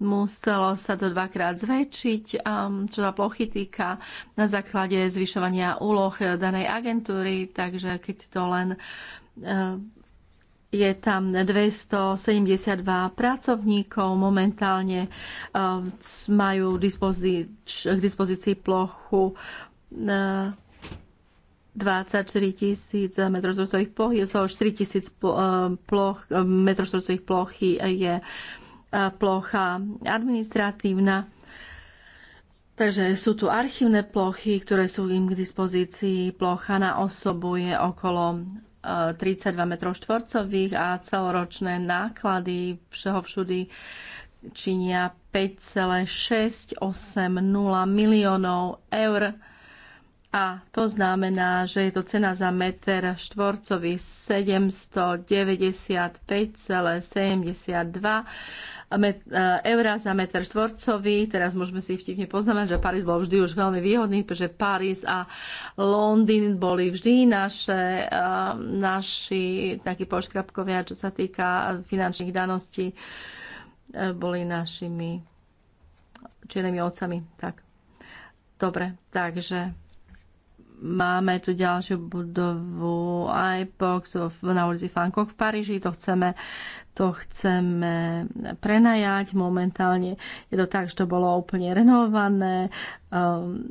muselo sa to dvakrát zväčšiť, um, čo sa plochy týka na základe zvyšovania úloh danej agentúry, takže keď to len eh, je tam 272 pracovníkov, momentálne eh, majú k dispozícii plochu 24 eh, tisíc metrostrovcových ploch, z 4 tisíc plochy je plocha, administratívna. Takže sú tu archívne plochy, ktoré sú im k dispozícii. Plocha na osobu je okolo 32 e, m štvorcových a celoročné náklady všeho všudy činia 5,680 miliónov eur a to znamená, že je to cena za meter štvorcový 795,72 e, eur za meter štvorcový. Teraz môžeme si vtipne poznamenať, že Paris bol vždy už veľmi výhodný, pretože Paris a Londýn boli vždy naše, e, naši takí poškrapkovia, čo sa týka finančných daností, e, boli našimi čiernymi otcami. Tak. Dobre, takže Máme tu ďalšiu budovu iPox na ulici Fankok v Paríži. To chceme, to chceme prenajať momentálne. Je to tak, že to bolo úplne renovované. Ehm,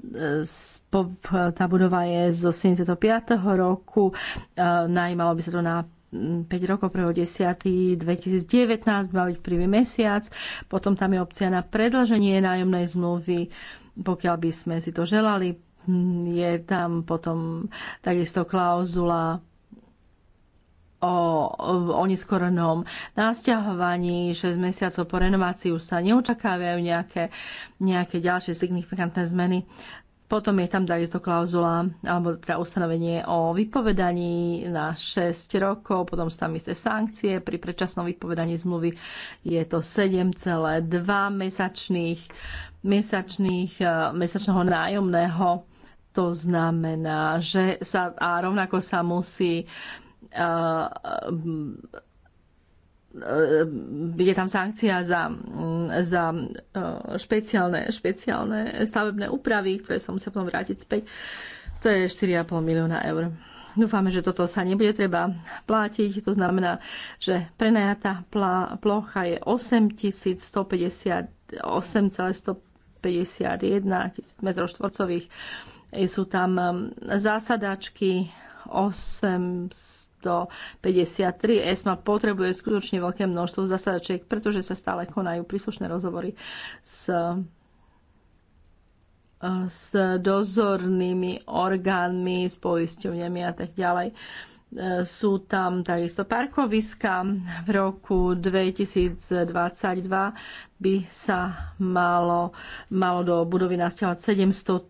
tá budova je zo 75. roku. Ehm, najímalo by sa to na 5 hm, rokov, 1. 10. 2019 mal byť prvý mesiac, potom tam je opcia na predlženie nájomnej zmluvy, pokiaľ by sme si to želali, Hm, je tam potom takisto klauzula o, o neskorenom násťahovaní, 6 mesiacov po renovácii už sa neočakávajú nejaké, nejaké ďalšie signifikantné zmeny. Potom je tam takisto klauzula, alebo teda ustanovenie o vypovedaní na 6 rokov, potom sú tam isté sankcie pri predčasnom vypovedaní zmluvy. Je to 7,2 mesačných, mesačných, eh, mesačného nájomného to znamená, že sa, a rovnako sa musí je tam sankcia za, za e, špeciálne, špeciálne stavebné úpravy, ktoré sa musia potom vrátiť späť. To je 4,5 milióna eur. Dúfame, že toto sa nebude treba platiť. To znamená, že prenajatá plocha je 8158,151 m štvorcových sú tam um, zásadačky 853 ESMA potrebuje skutočne veľké množstvo zásadačiek, pretože sa stále konajú príslušné rozhovory s s dozornými orgánmi, s poisťovňami a tak ďalej. Sú tam takisto parkoviska. V roku 2022 by sa malo, malo do budovy nasťahovať 700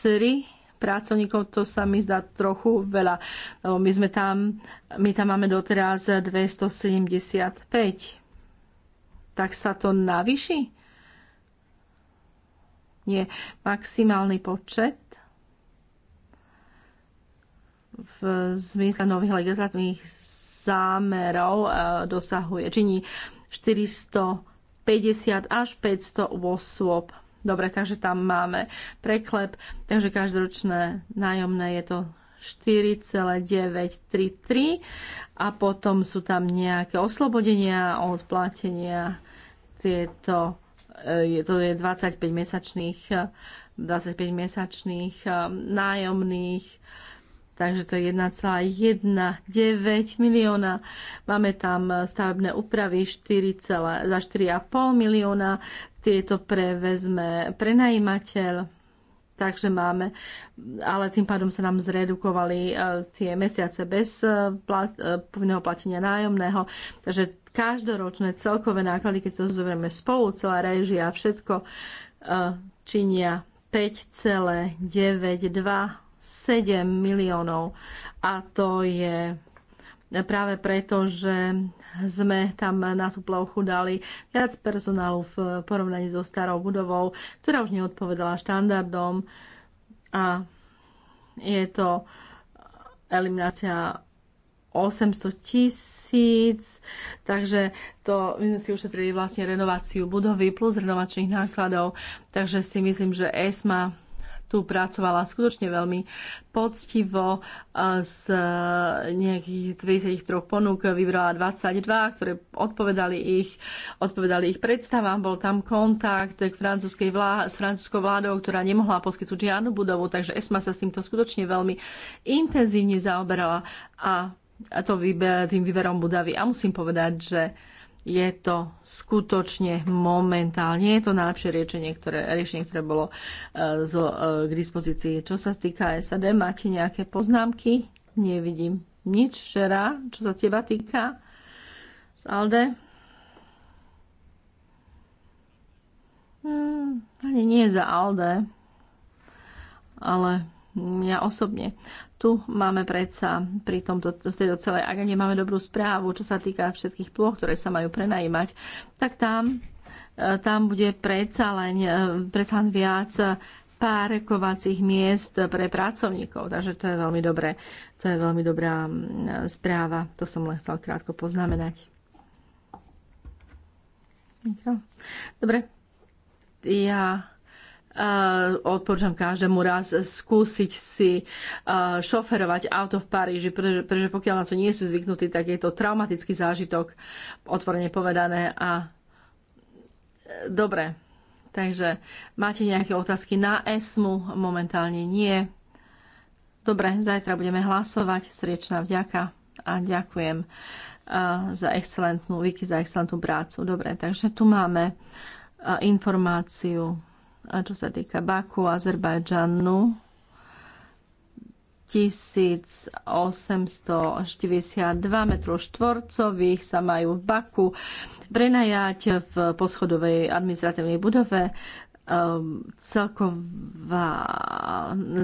3 pracovníkov, to sa mi zdá trochu veľa. My, sme tam, my tam máme doteraz 275. Tak sa to navýši? Nie, maximálny počet v zmysle nových legislatívnych zámerov e, dosahuje, činí 450 až 500 osôb Dobre, takže tam máme preklep, takže každoročné nájomné je to 4,933 a potom sú tam nejaké oslobodenia od platenia tieto e, je, to je 25 mesačných 25 e, mesačných e, nájomných takže to je 1,19 milióna. Máme tam stavebné úpravy 4, za 4,5 milióna, tieto prevezme prenajímateľ, takže máme, ale tým pádom sa nám zredukovali e, tie mesiace bez e, plat, e, povinného platenia nájomného, takže každoročné celkové náklady, keď sa zoberieme spolu, celá režia, všetko činia 7 miliónov a to je práve preto, že sme tam na tú plochu dali viac personálu v porovnaní so starou budovou, ktorá už neodpovedala štandardom a je to eliminácia 800 tisíc, takže to my sme si ušetrili vlastne renováciu budovy plus renovačných nákladov, takže si myslím, že ESMA tu pracovala skutočne veľmi poctivo. E, z nejakých 23 ponúk vybrala 22, ktoré odpovedali ich, odpovedali ich predstavám. Bol tam kontakt k francúzskej vlá- s francúzskou vládou, ktorá nemohla poskytnúť žiadnu budovu, takže ESMA sa s týmto skutočne veľmi intenzívne zaoberala a to výber, tým výberom budavy A musím povedať, že uh, je to skutočne momentálne, je to najlepšie riešenie, ktoré, riešenie, ktoré bolo uh, z, uh, k dispozícii. Čo sa týka SAD, máte nejaké poznámky? Nevidím nič, Šera, čo sa teba týka z Alde. Hmm, ani nie za Alde, ale mňa osobne. Tu máme predsa pri tomto, v tejto celej agende máme dobrú správu, čo sa týka všetkých plôch, ktoré sa majú prenajímať, tak tam, e, tam bude predsa len, e, predsa len viac e, párekovacích miest pre pracovníkov. Takže to je veľmi dobré. To je veľmi dobrá správa. To som len chcel krátko poznamenať. Dobre. Ja Eh, odporúčam každému raz skúsiť si eh, šoferovať auto v Paríži, pretože, pretože pokiaľ na to nie sú zvyknutí, tak je to traumatický zážitok, otvorene povedané. A eh, dobre, takže máte nejaké otázky na ESMu? Momentálne nie. Dobre, zajtra budeme hlasovať. Sriečná vďaka a ďakujem za excelentnú, Vicky za excelentnú prácu. Dobre, takže tu máme informáciu a čo sa týka Baku, Azerbajdžanu, 1842 metrov štvorcových sa majú v Baku prenajať v poschodovej administratívnej budove. Ehm, celková,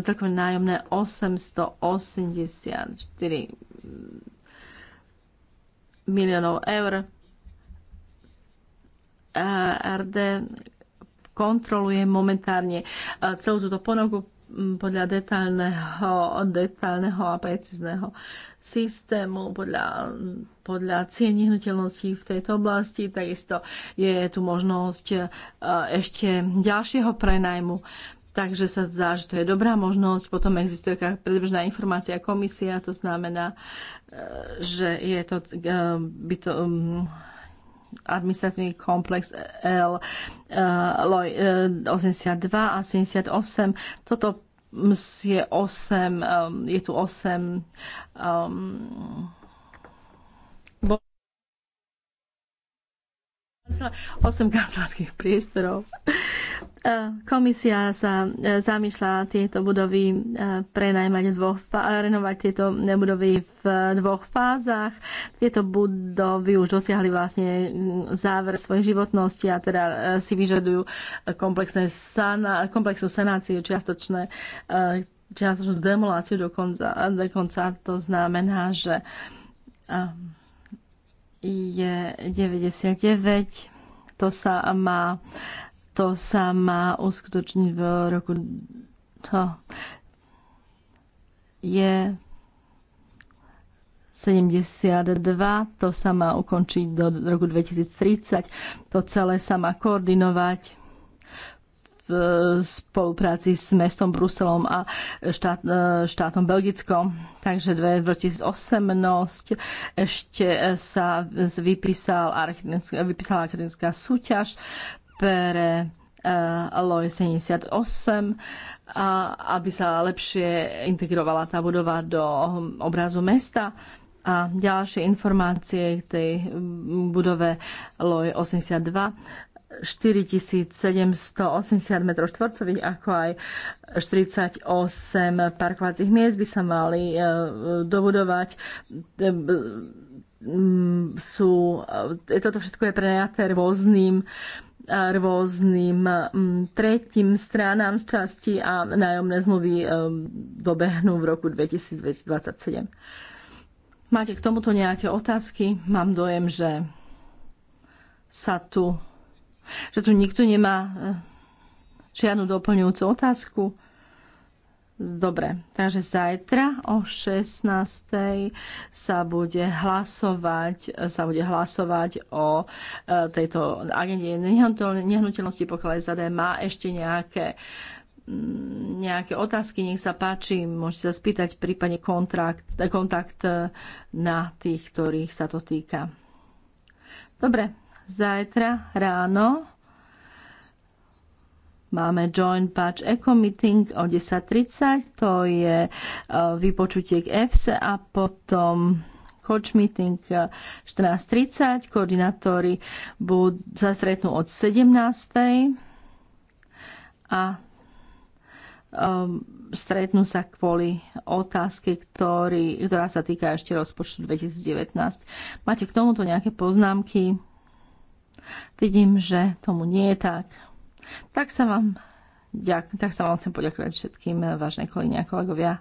celkové nájomné 884 miliónov eur. E, RD kontrolujem momentárne eh, celú túto ponovku mm, podľa detálneho, detálneho a precízneho systému, podľa, podľa cien nehnuteľností v tejto oblasti. Takisto je tu možnosť eh, ešte ďalšieho prenajmu. Takže sa zdá, že to je dobrá možnosť. Potom existuje predbežná informácia komisia, to znamená, eh, že je to, by to, mm, administratívny komplex L, 82 eh, eh, a 78. Toto je 8, eh, je tu 8 um, 8 kancelárských priestorov. E, komisia sa e, zamýšľa tieto budovy e, prenajmať v dvoch, renovať tieto budovy v dvoch fázach. Tieto budovy už dosiahli vlastne mm, záver svojej životnosti a teda si vyžadujú komplexné sana, komplexnú sanáciu čiastočné čiastočnú demoláciu dokonca. dokonca to znamená, že je 99. To sa má, to sa má uskutočniť v roku... To je 72, to sa má ukončiť do roku 2030. To celé sa má koordinovať v spolupráci s mestom Bruselom a štát, e, štátom Belgickom. Takže 2018 ešte sa vypísal, vypísala architektonická súťaž pre e, LOE 78, a aby sa lepšie integrovala tá budova do obrazu mesta. A ďalšie informácie k tej budove LOE 82 4780 m 2 ako aj 48 parkovacích miest by sa mali e, dobudovať. E, sú, e, toto všetko je prenajaté rôznym rôznym tretím stranám z časti a nájomné zmluvy dobehnú v roku 2027. Máte k tomuto nejaké otázky? Mám dojem, že sa tu že tu nikto nemá eh, žiadnu doplňujúcu otázku. Dobre, takže zajtra o 16.00 sa bude hlasovať, eh, sa bude hlasovať o eh, tejto agende nehnuteľnosti, pokiaľ SAD má ešte nejaké mm, nejaké otázky, nech sa páči, môžete sa spýtať prípadne kontrakt, kontakt na tých, ktorých sa to týka. Dobre, Zajtra ráno máme Joint Patch Eco Meeting o 10.30, to je e, vypočutie k EFSE a potom coach meeting 14.30, e, koordinátori budú, sa stretnú od 17.00 a e, stretnú sa kvôli otázke, ktorý, ktorá sa týka ešte rozpočtu 2019. Máte k tomuto nejaké poznámky? Vidím, že tomu nie je tak. Tak sa vám, ďak, tak sa vám chcem poďakovať všetkým, vážne kolegyne a kolegovia.